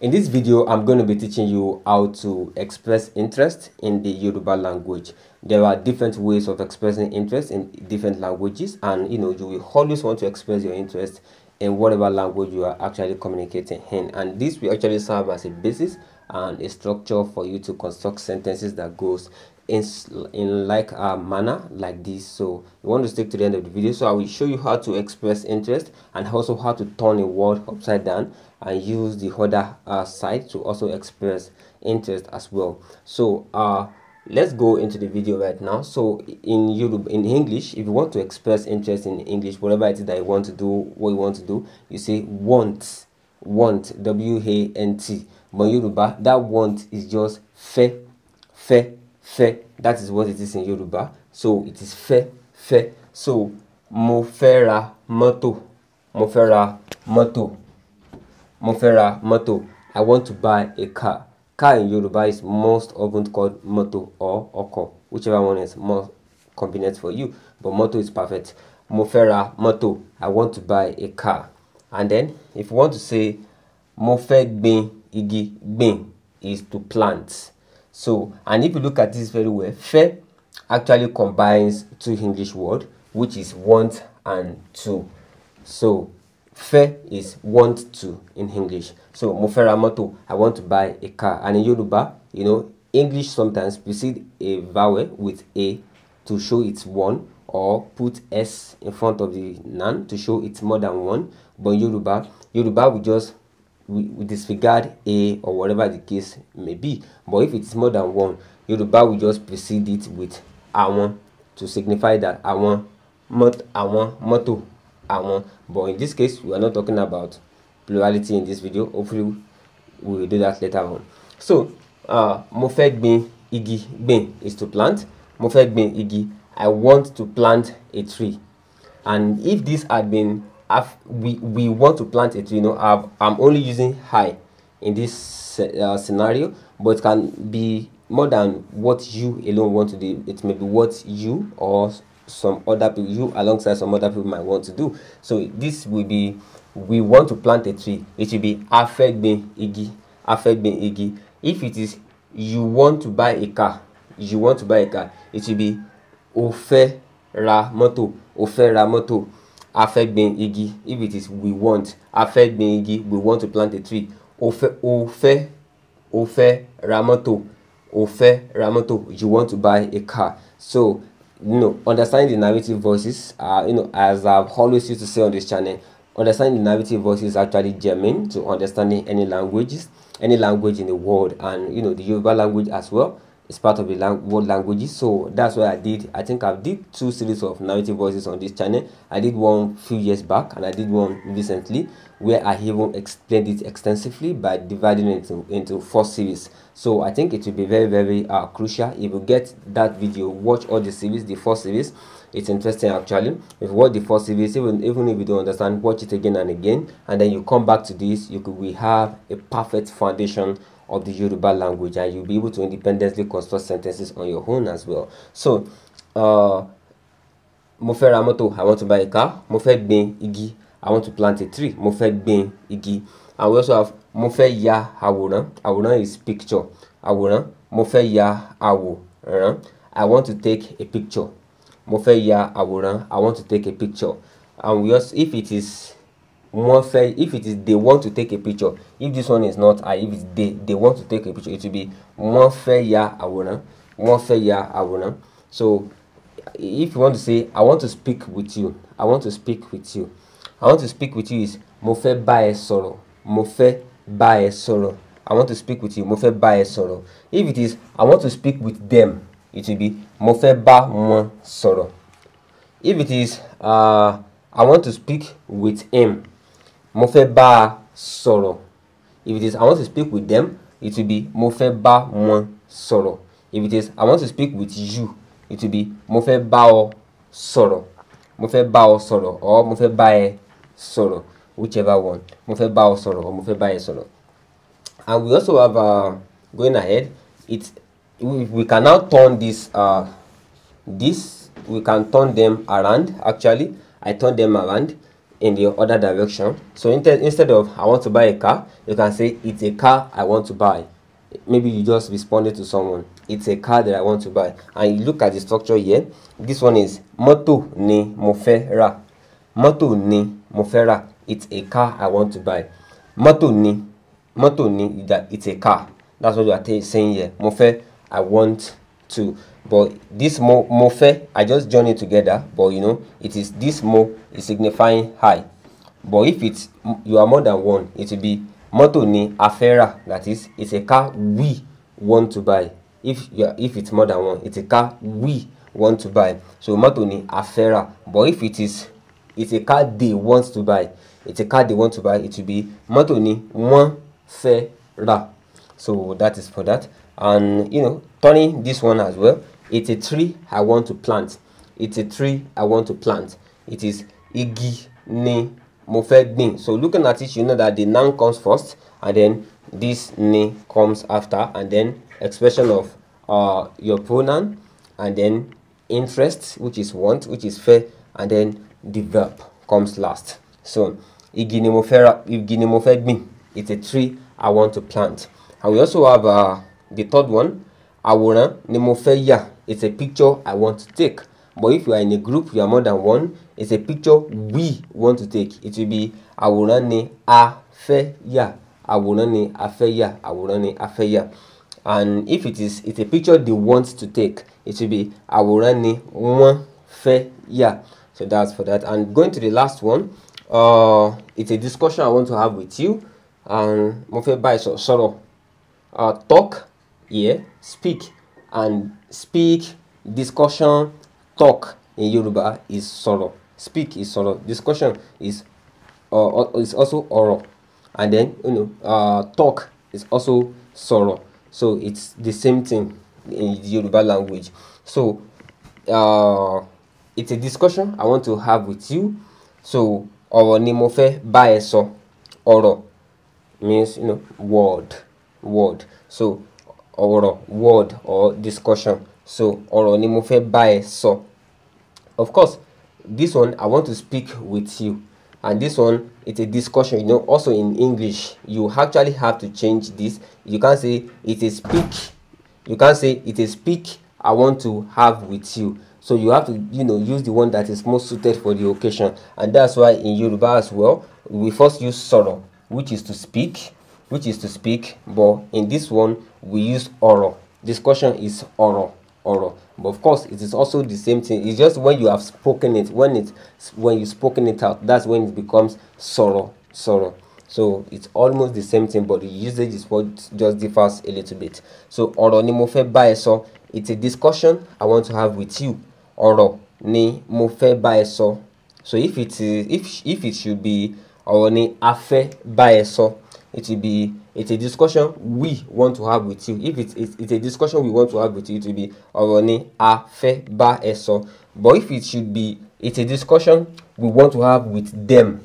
In this video, I'm going to be teaching you how to express interest in the Yoruba language. There are different ways of expressing interest in different languages and you know, you will always want to express your interest in whatever language you are actually communicating in. And this will actually serve as a basis and a structure for you to construct sentences that goes in, in like a manner like this. So you want to stick to the end of the video. So I will show you how to express interest and also how to turn a word upside down and use the other uh, side to also express interest as well so uh let's go into the video right now so in Yoruba in English if you want to express interest in English whatever it is that you want to do what you want to do you say want want w-a-n-t but Yoruba that want is just fe fe fe that is what it is in Yoruba so it is fe fe so mo fẹ́ ra mọ́tò mo fẹ́ mọ́tò Mofera mọ́tò i want to buy a car car in Yoruba is most often called mọ́tò or ọkọ̀ whichever one is more convenient for you but mọ́tò is perfect Mofera mọ́tò i want to buy a car and then if you want to say mofe fẹ́ igi gbin is to plant so and if you look at this very well fẹ́ actually combines two English words which is want and to so Fe is want to in English. So mo fẹ́ I want to buy a car. And in Yoruba, you know, English sometimes precede a vowel with a to show it's one or put s in front of the noun to show it's more than one. But Yoruba, Yoruba we just we, we disregard a or whatever the case may be. But if it's more than one, Yoruba will just precede it with àwọn to signify that àwọn mọ́tò àwọn mọ́tò but in this case we are not talking about plurality in this video hopefully we will do that later on so uh, bin igi bin" is to plant mo fẹ́ igi I want to plant a tree and if this had been we we want to plant a tree you know I've, I'm only using high in this uh, scenario but it can be more than what you alone want to do it may be what you or some other people, you alongside some other people might want to do. So this will be, we want to plant a tree. It should be afẹ́gbin igi, afẹ́gbin igi. If it is you want to buy a car, you want to buy a car, it should be o fẹ́ mọ́tò, o fẹ́ mọ́tò. Afẹ́gbin igi. If it is we want, afẹ́gbin igi, we want to plant a tree. Ofe ofe ofe ramoto, ofe ramoto. mọ́tò, mọ́tò. You want to buy a car. So you know, understanding the narrative voices, uh, you know, as I've always used to say on this channel, understanding the narrative voices is actually germane to understanding any languages, any language in the world, and you know, the Yoruba language as well it's part of the lang world languages so that's what i did i think i did two series of narrative voices on this channel i did one few years back and i did one recently where i even explained it extensively by dividing it into, into four series so i think it will be very very uh, crucial if you get that video watch all the series the four series it's interesting actually if you watch the four series even even if you don't understand watch it again and again and then you come back to this you could we have a perfect foundation of the Yoruba language and you'll be able to independently construct sentences on your own as well. So, uh, mo mọ́tò I want to buy a car Mofe ben igi I want to plant a tree Mofe ben igi and we also have mo ya àwòrán àwòrán is picture àwòrán mo ya àwòrán I want to take a picture Mofe ya àwòrán I want to take a picture and we also if it is once if it is they want to take a picture if this one is not i if it's they they want to take a picture it will be one fair wanna one fair wanna so if you want to say i want to speak with you i want to speak with you i want to speak with you is Mofe Baye sọ̀rọ̀ Mofe fẹ́ sọ̀rọ̀ i want to speak with you Mofe Baye sọ̀rọ̀ if it is i want to speak with them it will be Mofe bá sọ̀rọ̀ if it is uh, i want to speak with him mo fẹ́ bá a sọ̀rọ̀ if it is I want to speak with them it will be mo fẹ́ bá wọn sọ̀rọ̀ if it is I want to speak with you it will be mo fẹ́ bá ọ sọ̀rọ̀ mo fẹ́ bá ọ sọ̀rọ̀ or mo fẹ́ bá ẹ sọ̀rọ̀ whichever one mo fẹ́ bá ọ sọ̀rọ̀ or mo fẹ́ bá ẹ sọ̀rọ̀ and we also have uh, going ahead it we, we can now turn this uh, this we can turn them around actually I turn them around in the other direction. So instead of I want to buy a car, you can say it's a car I want to buy. Maybe you just responded to someone. It's a car that I want to buy. And you look at the structure here. This one is moto ni mofera. rà. Moto ni mofera. rà. It's a car I want to buy. Moto ni moto ni that it's a car. That's what you are saying here. Mofe, I want to but this mo mofe i just join it together but you know it is this mo is signifying high but if it's you are more than one it will be mọ́tò ni afẹ́rà that is it's a car we want to buy if you are, if it's more than one it's a car we want to buy so mọ́tò ni afẹ́rà but if it is it's a car they want to buy it's a car they want to buy it will be mọ́tò ni fera. fẹ́ so that is for that and you know turning this one as well it's a tree I want to plant. It's a tree I want to plant. It is igi ni mofedni. So looking at it, you know that the noun comes first and then this ni comes after and then expression of uh, your pronoun and then interest, which is want, which is fair, and then the verb comes last. So igi ne mo It's a tree I want to plant. And we also have uh, the third one, awona ni mofeya it's a picture I want to take. But if you are in a group, you are more than one, it's a picture we want to take. It will be Awurani Afeya. a fẹ́ yà, Afeya. a fẹ́ yà, a fẹ́ yà. And if it is it's a picture they want to take, it will be Awurani ni fẹ́ yà. So that's for that. And going to the last one, uh, it's a discussion I want to have with you. And mo fẹ́ bá Uh, talk, yeah, speak and speak, discussion, talk in Yoruba is sọ̀rọ̀. Speak is sọ̀rọ̀. Discussion is uh, uh is also oral. And then you know uh, talk is also sọ̀rọ̀. So it's the same thing in Yoruba language. So uh, it's a discussion I want to have with you. So our name of fẹ́ sọ. Ọ̀rọ̀ means you know word, word. So or word or discussion so or ni mo fẹ́ sọ of course this one I want to speak with you and this one it's a discussion you know also in English you actually have to change this you can say it's speak you can say it's speak I want to have with you so you have to you know use the one that is most suited for the occasion and that's why in Yoruba as well we first use solo, which is to speak which is to speak but in this one we use oral discussion is oral oral but of course it is also the same thing it's just when you have spoken it when it when you spoken it out that's when it becomes sorrow sorrow so it's almost the same thing but the usage is what just differs a little bit so ọ̀rọ̀ ni mo fẹ́ bá sọ it's a discussion i want to have with you ọ̀rọ̀ ni mo fẹ́ bá sọ so if it is if if it should be ọ̀rọ̀ ni a fẹ́ so it will be it's a discussion we want to have with you if it's, it's it's a discussion we want to have with you it will be ọ̀rọ̀ ni a fẹ́ bá ẹ sọ but if it should be it's a discussion we want to have with them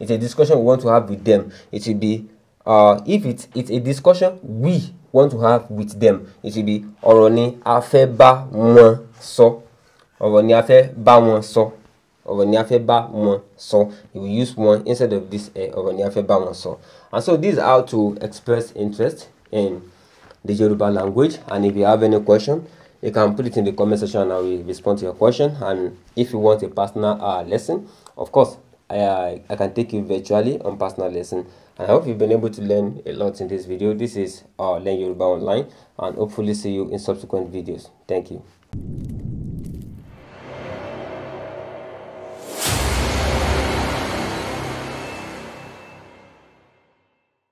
it's a discussion we want to have with them it will be uh, if it's it's a discussion we want to have with them it will be ọ̀rọ̀ ni a fẹ́ bá wọn sọ ọ̀rọ̀ ni a fẹ́ bá wọn sọ. So. Over ni feba one, sọ you will use one instead of this Over ọ̀rọ̀ ni a sọ and so this is how to express interest in the Yoruba language and if you have any question you can put it in the comment section and I will respond to your question and if you want a personal uh, lesson of course I, uh, I can take you virtually on personal lesson and I hope you've been able to learn a lot in this video this is uh, Learn Yoruba Online and hopefully see you in subsequent videos thank you